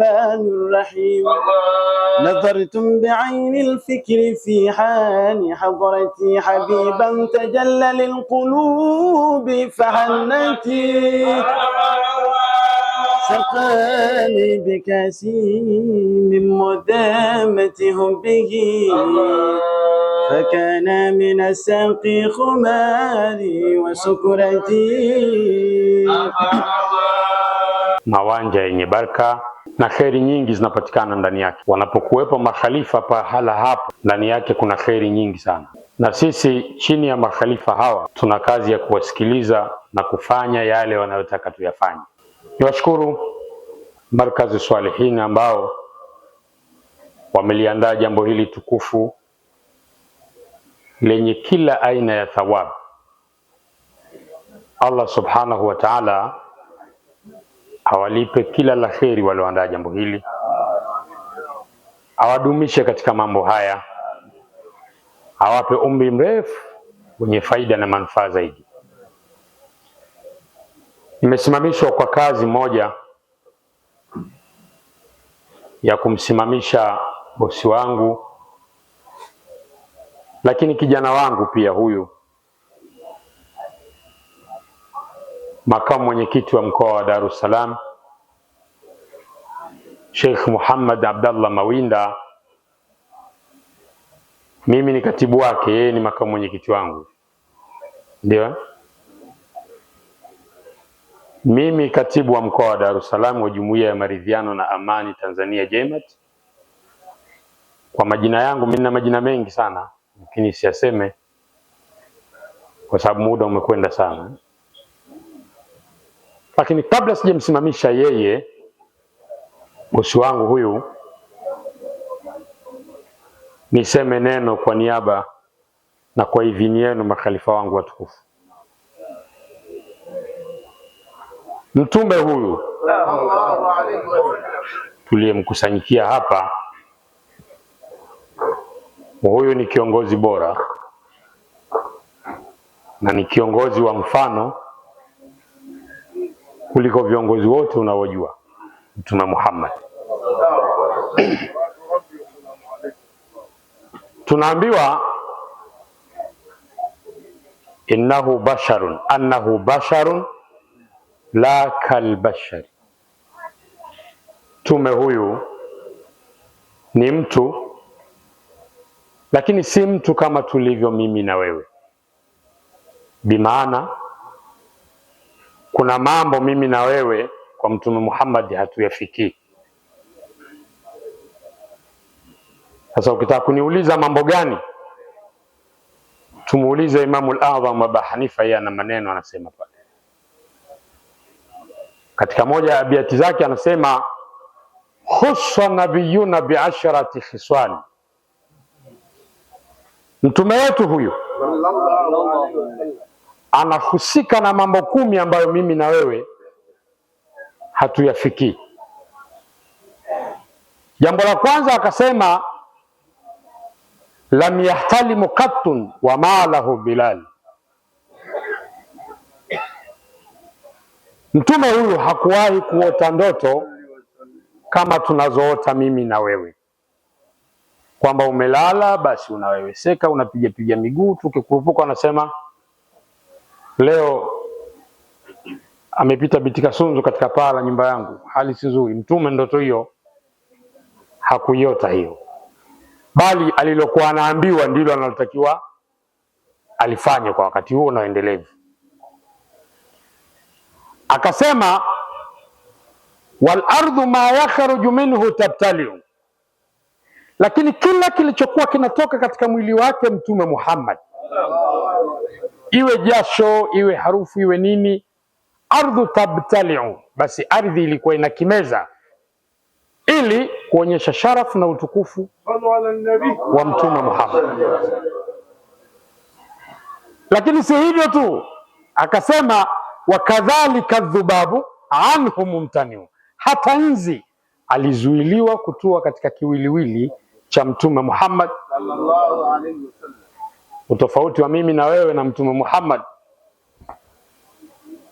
الرحمن الرحيم نظرتم بعين الفكر في حال حضرتي حبيبا تجلى للقلوب فحنتي سقاني بكاسي من مدامته به فكان من الساقي خماري وسكرتي mawanja yenye baraka na kheri nyingi zinapatikana ndani yake. Wanapokuwepo makhalifa pahala hapo, ndani yake kuna kheri nyingi sana, na sisi chini ya makhalifa hawa tuna kazi ya kuwasikiliza na kufanya yale wanayotaka tuyafanye. Niwashukuru Markazi Swalihin ambao wameliandaa jambo hili tukufu lenye kila aina ya thawabu. Allah subhanahu wa ta'ala awalipe kila la heri walioandaa jambo hili, awadumishe katika mambo haya, awape umri mrefu wenye faida na manufaa zaidi. Nimesimamishwa kwa kazi moja ya kumsimamisha bosi wangu, lakini kijana wangu pia huyu makamu mwenyekiti wa mkoa wa Dar es Salaam Sheikh Muhammad Abdallah Mawinda, mimi ni katibu wake, yeye ni makamu mwenyekiti wangu, ndio mimi katibu wa mkoa wa Dar es Salaam wa Jumuiya ya Maridhiano na Amani Tanzania JEMAT. Kwa majina yangu mimi na majina mengi sana, lakini siyaseme kwa sababu muda umekwenda sana. Lakini kabla sijamsimamisha yeye, bosi wangu huyu, niseme neno kwa niaba na kwa idhini yenu, makhalifa wangu watukufu. Mtume huyu tuliyemkusanyikia hapa, huyu ni kiongozi bora na ni kiongozi wa mfano kuliko viongozi wote unaojua Mtume Muhammad. Tunaambiwa innahu basharun annahu basharun la kalbashari, mtume huyu ni mtu lakini si mtu kama tulivyo mimi na wewe, bimaana kuna mambo mimi na wewe kwa Mtume Muhammad hatuyafikii. Sasa ukitaka kuniuliza mambo gani, tumuulize Imamu al-Adham Hanifa, yeye ana maneno anasema pale katika moja ya abiati zake anasema husa nabiyuna biasharati khiswani, mtume wetu huyu anahusika na mambo kumi ambayo mimi na wewe hatuyafikii. Jambo la kwanza akasema, lam yahtalimu qattun wa malahu Bilal. Mtume huyu hakuwahi kuota ndoto kama tunazoota mimi na wewe, kwamba umelala basi unaweweseka unapigapiga miguu, tukikurupuka unasema Leo amepita Biti Kasunzu katika paa la nyumba yangu, hali si nzuri. Mtume ndoto hiyo hakuiota hiyo, bali alilokuwa anaambiwa ndilo analotakiwa alifanye kwa wakati huo na endelevu. Akasema, wal ardhu ma yakhruju minhu tabtaliu, lakini kila kilichokuwa kinatoka katika mwili wake Mtume Muhammad iwe jasho, iwe harufu, iwe nini, ardhu tabtaliu, basi ardhi ilikuwa inakimeza ili kuonyesha sharafu na utukufu wa Mtume Muhammad. Lakini si hivyo tu, akasema wakadhalika dhubabu anhu mumtaniu, hata nzi alizuiliwa kutua katika kiwiliwili cha Mtume Muhammad sallallahu alaihi wasallam. Utofauti wa mimi na wewe na Mtume Muhammad,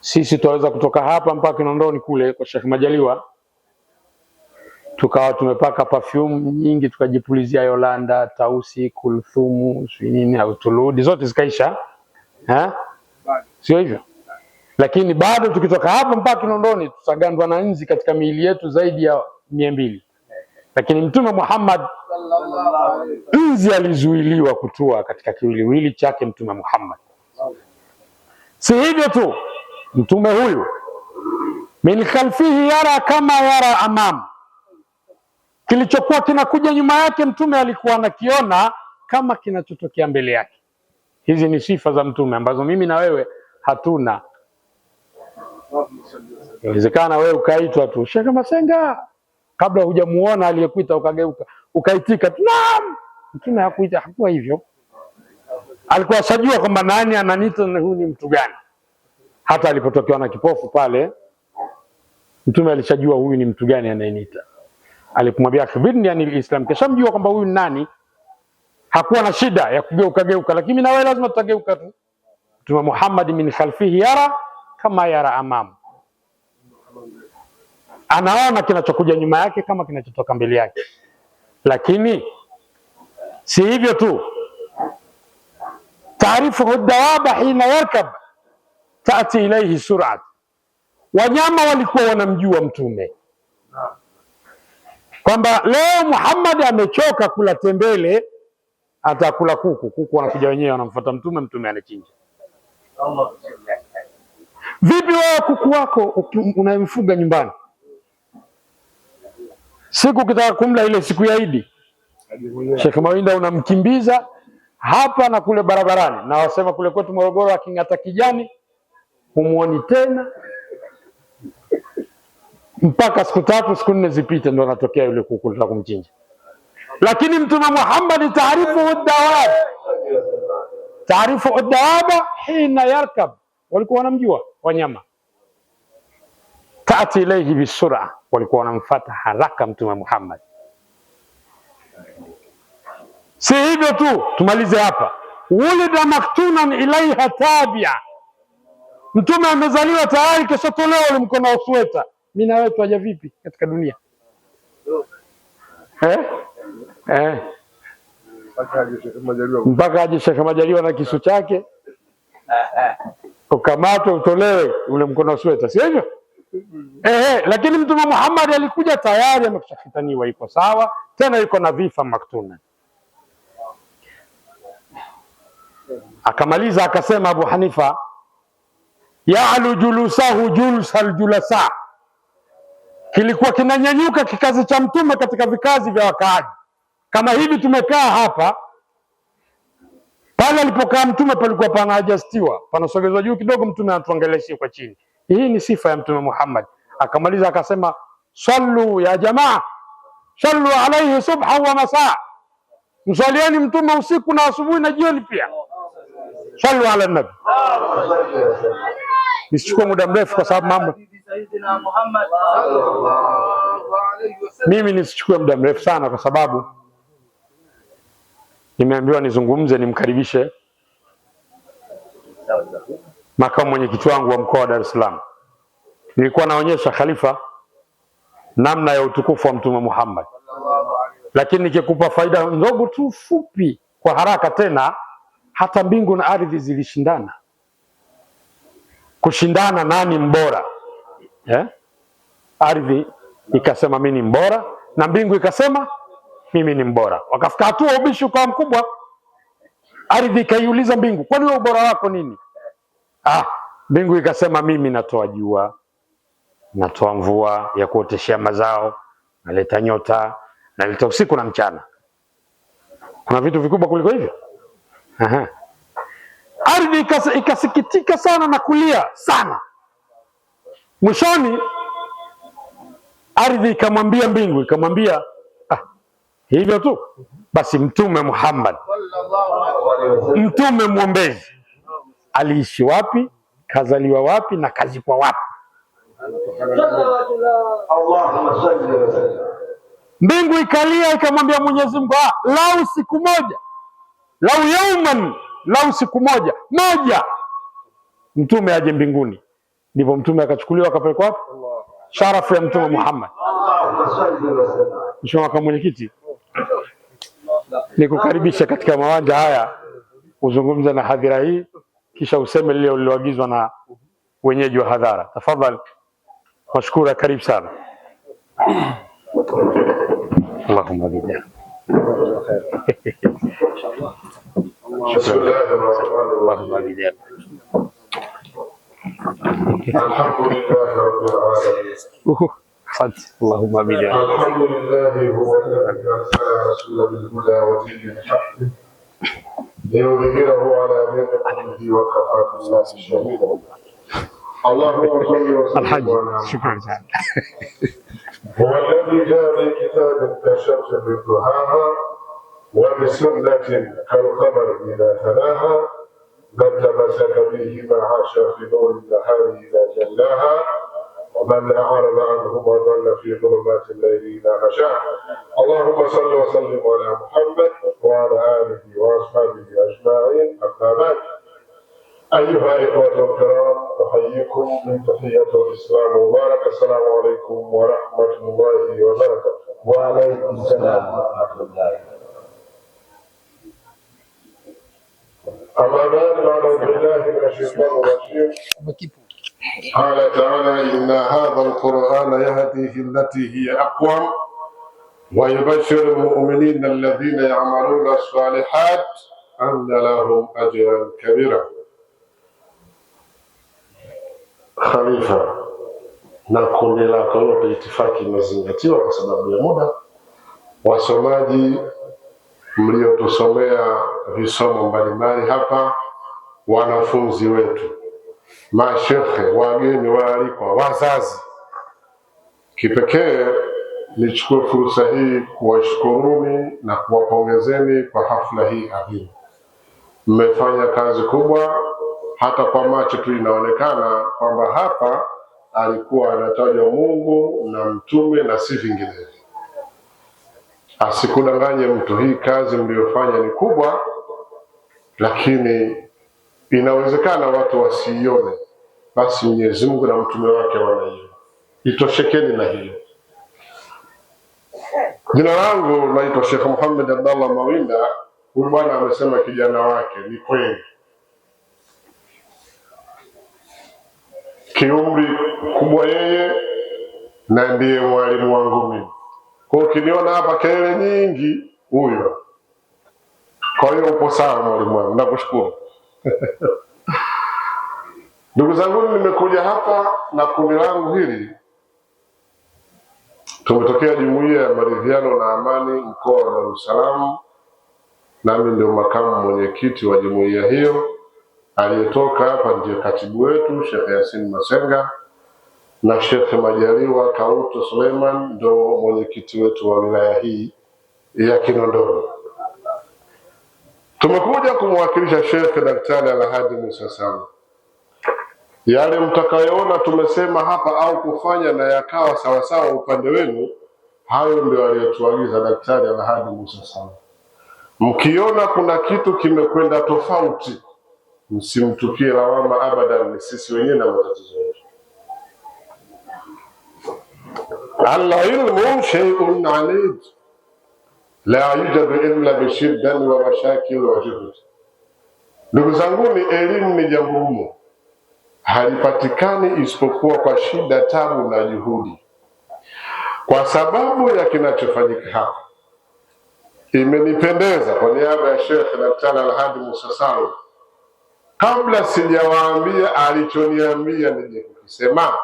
sisi tunaweza kutoka hapa mpaka Kinondoni kule kwa Sheikh Majaliwa tukawa tumepaka perfume nyingi tukajipulizia Yolanda, Tausi, Kulthumu, sijui nini au Tuludi, zote zikaisha, sio hivyo? Lakini bado tukitoka hapa mpaka Kinondoni tutagandwa na nzi katika miili yetu zaidi ya mia mbili. Lakini Mtume Muhammad nzi alizuiliwa kutua katika kiwiliwili chake Mtume Muhammad. Si hivyo tu, mtume huyu min khalfihi yara kama yara amam, kilichokuwa kinakuja nyuma yake mtume alikuwa anakiona kama kinachotokea mbele yake. Hizi ni sifa za mtume ambazo mimi na wewe hatuna. Inawezekana wewe ukaitwa tu Sheikh Masenga kabla hujamuona aliyekuita, ukageuka ukaitika, naam. Mtume hakuita, hakuwa hivyo. Alikuwa ashajua kwamba nani ananiita na huyu ni mtu gani. Hata alipotokewa na kipofu pale, Mtume alishajua huyu ni mtu gani anayeniita. Alipomwambia akhbirni anil kisha mjua kwamba huyu ni nani. Hakuwa na shida ya kugeuka geuka, lakini na wewe lazima tutageuka tu. Mtume Muhammad min khalfihi yara kama yara amamu anaona kinachokuja nyuma yake kama kinachotoka mbele yake. Lakini si hivyo tu, taarifuhu dawaba hina yarkab tati ilaihi surat, wanyama walikuwa wanamjua Mtume kwamba leo Muhammad amechoka kula tembele, atakula kuku. Kuku wanakuja wenyewe, wanamfuata Mtume, Mtume anachinja. Vipi wewe kuku wako unayemfuga nyumbani siku ukitaka kumla ile siku ya Idi, Sheikh Mawinda unamkimbiza hapa na kule barabarani, na wasema kule kwetu Morogoro, aking'ata kijani humuoni tena mpaka siku tatu siku nne zipite, ndo anatokea yule kuku la kumchinja. Lakini Mtume Muhammad, taarifu udawaba taarifu udawaba hina yarkab, walikuwa wanamjua wanyama tati ilaihi bisura, walikuwa wanamfuata haraka Mtume Muhammad. Si hivyo tu, tumalize hapa. Wulida maktunan ilaiha tabia, Mtume amezaliwa tayari keshatolewa ule mkono wa sweta. Mimi na wewe tuaja vipi katika dunia eh? Eh. Mpaka aje Shekhe Majaliwa na kisu chake ukamatwe utolewe ule mkono wa sweta, sio hivyo? Eh, eh, lakini Mtume Muhammad alikuja tayari amekushakitaniwa, iko sawa, tena yuko na vifa maktuna. Akamaliza akasema Abu Hanifa, yalu julusahu julsal julasa, kilikuwa kinanyanyuka kikazi cha mtume katika vikazi vya wakaaji. Kama hivi tumekaa hapa, pale alipokaa mtume palikuwa panajastiwa panasogezwa juu kidogo, mtume anatuangeleshia kwa chini hii ni sifa ya Mtume Muhammad. Akamaliza akasema, sallu ya jamaa, sallu alaihi subha wa masaa, msalieni mtume usiku na asubuhi na jioni pia. Sallu ala nabi. Nisichukue muda mrefu kwa sababu mambo mimi nisichukue muda mrefu sana kwa sababu nimeambiwa nizungumze, nimkaribishe makamu mwenyekiti wangu wa mkoa wa Dar es Salaam, nilikuwa naonyesha Khalifa namna ya utukufu wa Mtume Muhammad, lakini nikikupa faida ndogo tu fupi kwa haraka tena, hata mbingu na ardhi zilishindana kushindana nani mbora eh? Ardhi ikasema mimi ni mbora, na mbingu ikasema mimi ni mbora. Wakafika hatua ubishi ukawa mkubwa, ardhi ikaiuliza mbingu, kwani wewe ubora wako nini? Ah, mbingu ikasema mimi natoa jua, natoa mvua ya kuoteshea mazao, naleta nyota, naleta usiku na mchana. Kuna vitu vikubwa kuliko hivyo? Aha. Ardhi ikasikitika sana na kulia sana. Mwishoni ardhi ikamwambia mbingu, ikamwambia ah, hivyo tu basi, Mtume Muhammad, mtume mwombezi aliishi wapi, kazaliwa wapi na kazikwa wapi. Mbingu ikalia ikamwambia Mwenyezi Mungu, ah, lau siku moja, lau yauman, lau siku moja moja mtume aje mbinguni. Ndipo mtume akachukuliwa akapelekwa wapi? Sharafu ya mtume Muhammad. Mheshimiwa Makamu Mwenyekiti, nikukaribisha katika mawanja haya kuzungumza na hadhira hii. kisha useme lile uliloagizwa na wenyeji wa hadhara. Tafadhali, mashukura, karibu sana. Allahumma bika Allahumma bika اللهم امين الحمد لله هو الذي ارسل رسوله بالهدى ودين الحق ليظهره على دين كله وكفى الناس شهيدا اللهم صل وسلم على شكرا جزيلا هو الذي جاء بكتاب كالشمس دهاها وبسنة كالقمر إذا تلاها من تمسك به ما عاش في نور النهار إذا جلاها ومن أعرض عنه وظل في ظلمات الليل إلى غشاه اللهم صل وسلم على محمد وعلى آله وأصحابه أجمعين أما بعد أيها الإخوة الكرام أحييكم من تحية الإسلام المبارك السلام عليكم ورحمة الله وبركاته وعليكم السلام ورحمة الله أما بعد أعوذ بالله من الشيطان الرجيم قال تعالى إن هذا القرآن يهدي التي هي أقوى ويبشر المؤمنين الذين يعملون الصالحات أن لهم أجرا كبيرا خليفة نقول إلى قولوا بإتفاق مزينتي وسبب المدى wasomaji mliotusomea visomo mbalimbali hapa wanafunzi wetu mashehe, wageni waalikwa, wazazi, kipekee nichukue fursa hii kuwashukuruni na kuwapongezeni kwa hafla hii adhimu. Mmefanya kazi kubwa, hata kwa macho tu inaonekana kwamba hapa alikuwa anatajwa Mungu na mtume na si vinginevyo. Asikudanganye mtu, hii kazi mliyofanya ni kubwa, lakini Inawezekana watu wasiione, basi Mwenyezi Mungu na mtume wake wanaiona. Itoshekeni na hiyo Jina langu naitwa Sheikh Muhammad Abdallah Mawinda. Huyu bwana amesema kijana wake, ni kweli kiumri kubwa yeye na ndiye mwalimu wangu mimi. Kwa ukiniona hapa kelele nyingi, huyo. Kwa hiyo upo sawa mwalimu wangu, nakushukuru. Ndugu zangu, nimekuja hapa na kundi langu hili, tumetokea jumuiya ya maridhiano na amani mkoa wa Dar es Salaam, nami ndio makamu mwenyekiti wa jumuiya hiyo. Aliyetoka hapa ndiye katibu wetu Shekhe Yasin Masenga na Shekhe Majaliwa Kauto Suleiman ndio mwenyekiti wetu wa wilaya hii ya Kinondoni. Tumekuja kumwakilisha Shekhe Daktari Alhadi Musa Sama. Yale mtakayoona tumesema hapa au kufanya na yakawa sawasawa upande wenu, hayo ndio aliyotuagiza Daktari Alhadi Musa Sama. Mkiona kuna kitu kimekwenda tofauti, msimtukie lawama abadan, ni sisi wenyewe na matatizo yetu. Alilmu sheiun alij la yujadu illa bishiddani wa mashakil wa juhud. Ndugu zanguni, elimu ni jambo humo halipatikani isipokuwa kwa shida, tabu na juhudi. Kwa sababu ya kinachofanyika hapa, imenipendeza kwa niaba ya Shekhe Daktari Alhadi Musa Sawi, kabla sijawaambia alichoniambia nije kukisema,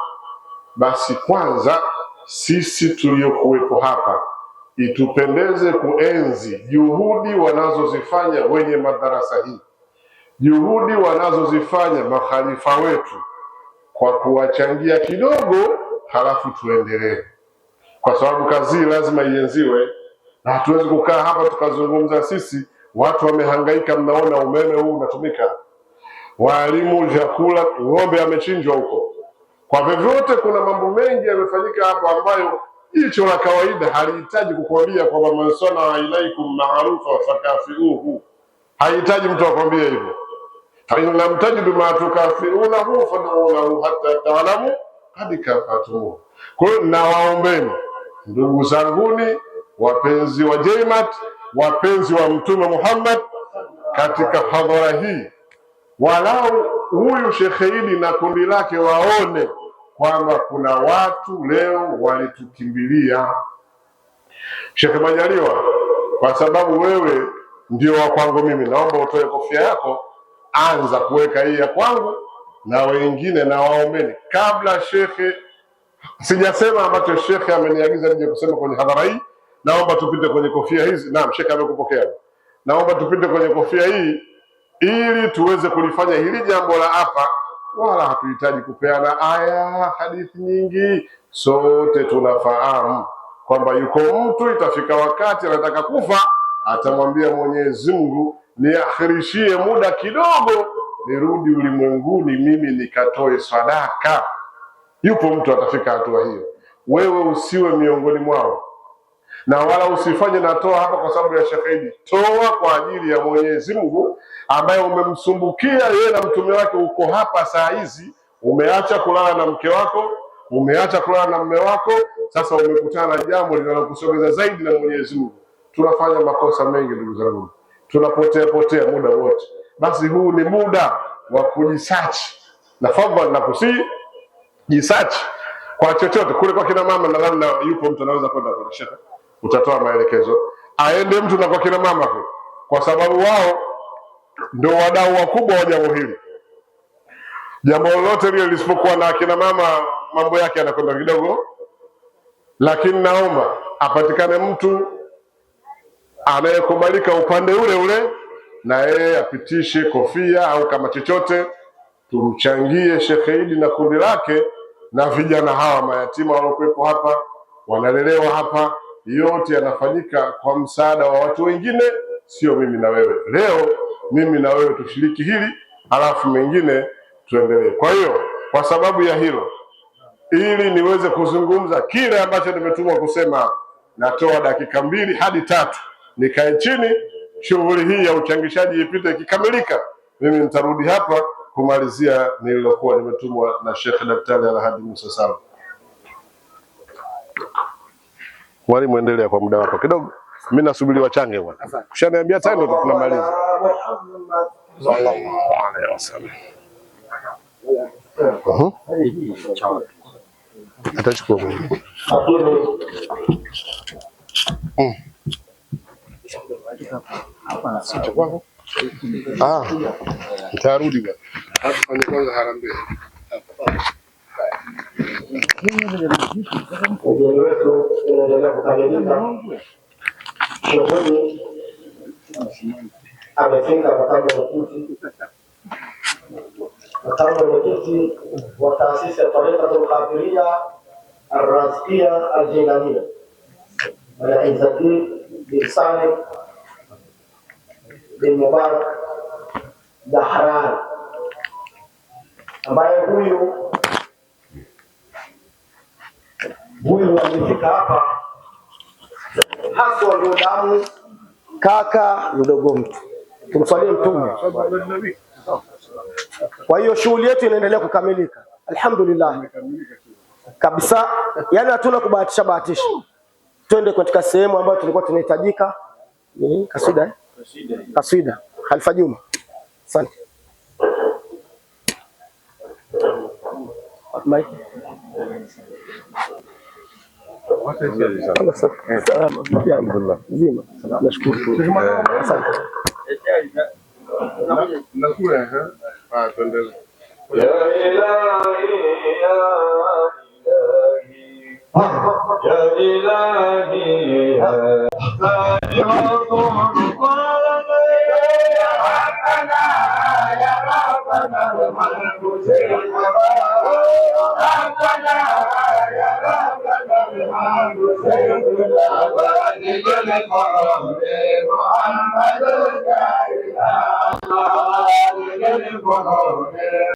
basi kwanza sisi tuliokuwepo hapa itupendeze kuenzi juhudi wanazozifanya wenye madarasa hii, juhudi wanazozifanya makhalifa wetu, kwa kuwachangia kidogo, halafu tuendelee, kwa sababu kazi hii lazima ienziwe, na hatuwezi kukaa hapa tukazungumza sisi. Watu wamehangaika, mnaona umeme huu unatumika, waalimu, vyakula, ng'ombe amechinjwa huko. Kwa vyovyote, kuna mambo mengi yamefanyika hapo ambayo Jicho la kawaida halihitaji kukwambia kwamba mansanaa ilaikum maarufa fakafiuhu, haihitaji mtu akwambie hivyo. Fain lam tajidu ma tukafiunahu fad'uulahu hatta talamu kad Kwa hiyo nawaombeni ndugu zanguni, wapenzi wa Jemat, wapenzi wa Mtume Muhammad, katika hadhara hii walau huyu Shekhe hili na kundi lake waone kwamba kuna watu leo walitukimbilia Shekhe Majaliwa, kwa sababu wewe ndio wa kwangu mimi, naomba utoe kofia yako, anza kuweka hii ya kwangu na wengine na waombeni kabla shekhe. Sijasema ambacho shekhe ameniagiza nije kusema kwenye hadhara hii, naomba tupite kwenye kofia hizi. Naam, shekhe amekupokea, naomba tupite kwenye kofia hii ili tuweze kulifanya hili jambo la hapa wala hatuhitaji kupeana aya, hadithi nyingi. Sote tunafahamu kwamba yuko mtu itafika wakati anataka kufa, atamwambia Mwenyezi Mungu, niakhirishie muda kidogo, nirudi ulimwenguni mimi nikatoe sadaka. Yupo mtu atafika hatua hiyo, wewe usiwe miongoni mwao na wala usifanye na toa hapa kwa sababu ya shahidi. Toa kwa ajili ya Mwenyezi Mungu ambaye umemsumbukia yeye na mtume wake. Uko hapa saa hizi, umeacha kulala na mke wako, umeacha kulala na mme wako, sasa umekutana na jambo linalokusogeza zaidi na Mwenyezi Mungu. Tunafanya makosa mengi ndugu zangu, tunapotea potea muda wote. Basi huu ni muda wa kujisachi, na fadhali na kusii jisachi kwa chochote kule. Kwa kina mama, nadhani yupo mtu anaweza kwenda kwa kuonyesha utatoa maelekezo, aende mtu na kwa kina mama tu, kwa sababu wao ndio wadau wakubwa wa jambo hili. Jambo lolote lile lisipokuwa na akina mama, mambo yake yanakwenda kidogo, lakini naomba apatikane mtu anayekubalika upande ule ule, na yeye apitishe kofia au kama chochote, tumchangie Shekhe Idi na kundi lake na vijana hawa mayatima waliokuwepo hapa, wanalelewa hapa yote yanafanyika kwa msaada wa watu wengine, sio mimi na wewe. Leo mimi na wewe tushiriki hili, halafu mengine tuendelee. Kwa hiyo kwa sababu ya hilo, ili niweze kuzungumza kile ambacho nimetumwa kusema, natoa dakika mbili hadi tatu nikae chini, shughuli hii ya uchangishaji ipite. Ikikamilika mimi nitarudi hapa kumalizia nililokuwa nimetumwa na Sheikh Daktari Alhadi Musa Salum. Mwalimu, endelea kwa muda wako kidogo, mimi nasubiri wachange bwana. Ushaniambia tayari ndo tunamaliza. Sallallahu alaihi wasallam. Atachukua mwenyewe. Mm. Ah, nitarudi bwana. Hapo kwanza harambee. Ujenzi wetu unaendelea kukamilika. Shughuli amefika makamu mwenyekiti, makamu mwenyekiti wa taasisi ya Tariqatul Qadiriyya Arrazkiyya Aljailaniya Alaizzati bin Salim bin Mubarak Dahran ambaye huyu huyu amefika hapa haswa ndio damu kaka mdogo mtu, tumswalie Mtume. Kwa hiyo shughuli yetu inaendelea kukamilika, alhamdulillah kabisa. Yani hatuna kubahatisha bahatisha, twende katika sehemu ambayo tulikuwa tunahitajika. Kasida eh? Kaswida Khalifa Juma, asante Mike. الله يسلمك الحمد لله ديما مشكور يا إلهي يا إلهي يا إلهي يا ربنا يا ربنا الملك ذي الجلال ربنا محمد